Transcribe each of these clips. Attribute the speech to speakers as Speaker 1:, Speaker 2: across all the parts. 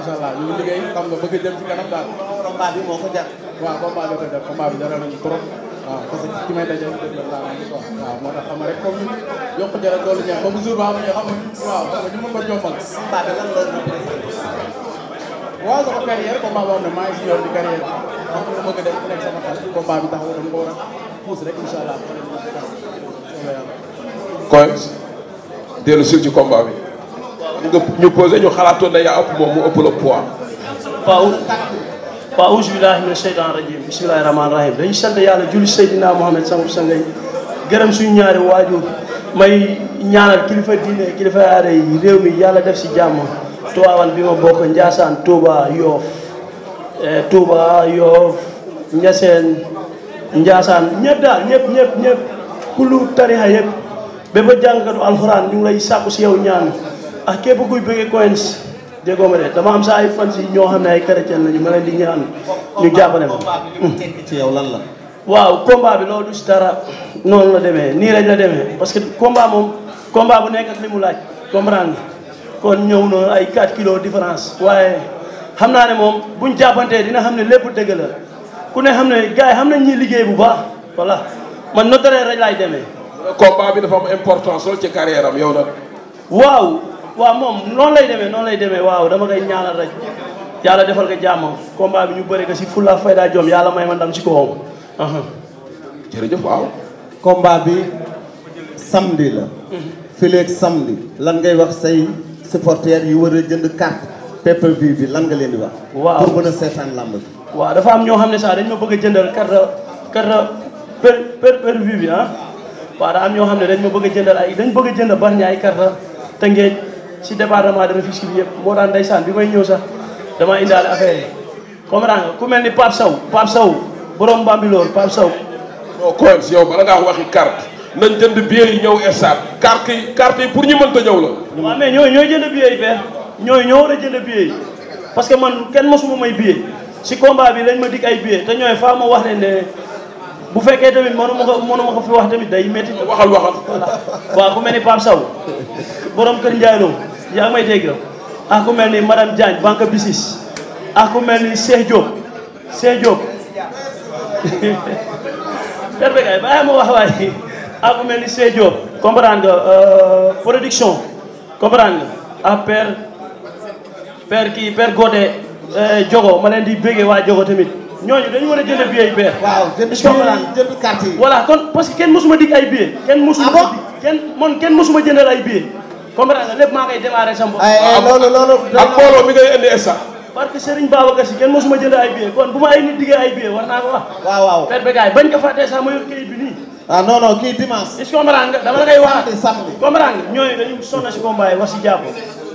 Speaker 1: incha allah ñu ngi liggéey xam nga bëgg jëm ci kanam daal. combat bi moo ko jar. waaw combat bi ko jar combat bi jaral nañu trop. waaw parce que ki may dajale def na laa moom quoi waaw moo tax xam nga rek comme ni yokk jaral doolu ñaar ba bu jour ba xam ne xam nga waaw xam nga ñu mën ko jombal. combat bi lan la ñu waaw sama carrière combat boo xam ne maa ngi si yoon di carrière xam nga lu ma ko def ku nekk sama xel combat bi taxaw dama ko war a pousse rek incha allah. koy dellu si ci combat bi. nga ñu posé ñu xalaatoon ne yaa moom mu ëpp la poids. waaw waaw auzu billaahi mina sheytaani rajiim bismillaahi rahmaani rahiim dañu sant yàlla julli Seydina Mohamed sangu sangay gërëm suñu ñaari waajur may ñaanal kilifa diine kilifa aada yi réew mi yàlla def si jàmm Tiwaawan bi ma bokk Njaasaan Touba Yoof eh, Touba Yoof Ñaseen Njaasaan ñëpp daal ñëpp ñëpp ñëpp kulu tarixa yëpp bépp jàngkatu alxuraan ñu ngi lay sàkku si yow ñaan ah képp kuy bëggee Quench déggoo ma de am sa ay fans yi xam ne ay chrétien lañu ma leen ñu jàppale ma. Hmm. ci yow lan la. waaw combat bi loolu du si dara noonu la demee nii lañ la demee parce que combat moom combat bu nekk ak li mu laaj comprendre kon ñëw na ay 4 kilos différence waaye xam naa ne moom buñ jàppantee dina xam ne lépp dëgg la ku ne xam ne gars yi xam nañ ñuy liggéey bu baax voilà man notaire rek laay demee. combat bi dafa am important lool ci carrière am yow nag. waaw. waaw moom noonu lay demee noonu lay demee waaw dama koy ñaanal rek yàlla defal ko jàmm komba bi ñu bëri ko si fulla fayda jom yàlla may ma ndam si kawam. jërëjëf waaw. combat bi samedi la. Mhm. fileeg samedi. lan ngay wax say supporters yu war a jënd carte pay per bi lan nga leen di wax. waaw pour mën a làmb bi. waaw dafa am ñoo xam ne sax dañ ma bëgg a jëndal carte carte per pay-per-view bi ah. waaw am ñoo xam ne dañ ma bëgg a jëndal ay dañ bëgg a jënd bari ñaay carte te ngeen. si département de Rufisque bi yëpp moo daan ndeysaan bi may ñëw sax damaa indaale affaire yi comprendre nga ku mel ni Pape Sow Pape Sow borom Bambilor Pape Sow. non Coen si yow bala ngaa waxi carte nañ jënd billet yi ñëw stade carte yi carte yi pour la. waaw mais ñooy ñooy jënd billet yi père ñooy ñoo war a jënd billet yi parce que man kenn may billet si combat bi lañ ma dig ay billet te ñooy faa ma wax leen ne. bu fekkee tamit mënu ma ko mënu ma ko fi wax tamit day métti. waxal waxal voilà. waaw ku mel ni Pape Sow borom Kër Ndiaye ya may dégg ak ku mel madame Diagne banque BICIS ak ku mel Cheikh Diop Cheikh Diop. terbe gay kay mo wax way ak ku Cheikh Diop comprendre nga euh, production comprendre nga per ah, per kii per Godé Jogo euh, malen di béggee wa Jogo tamit ñoñu dañu wara a jënd billet yi per. waaw jënd jënd carte voilà kon parce que kenn musuma dig ay billet. ken, musuma ah dig kenn man kenn jëndal ay billet. comprendre nga lépp maa koy démarrer sama bopp. Eh, eh, ay loolu loolu. ak mbooloo mi ngay indi instant. parce que Serigne Babacar Sy kenn mosuma jënd ay billets kon bu ma ay nit diggee ay billets war naa ko wax. waaw waaw perbekaay bañ ko fàttee sax ma bi nii. ah non non kii dimanche. est dama la koy wax. samedi samedi comprendre nga ñooñu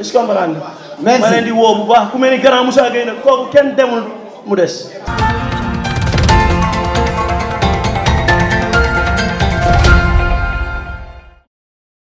Speaker 1: si combat yi woo bu baax ku mel ni grand Moussa kooku kenn demul mu des.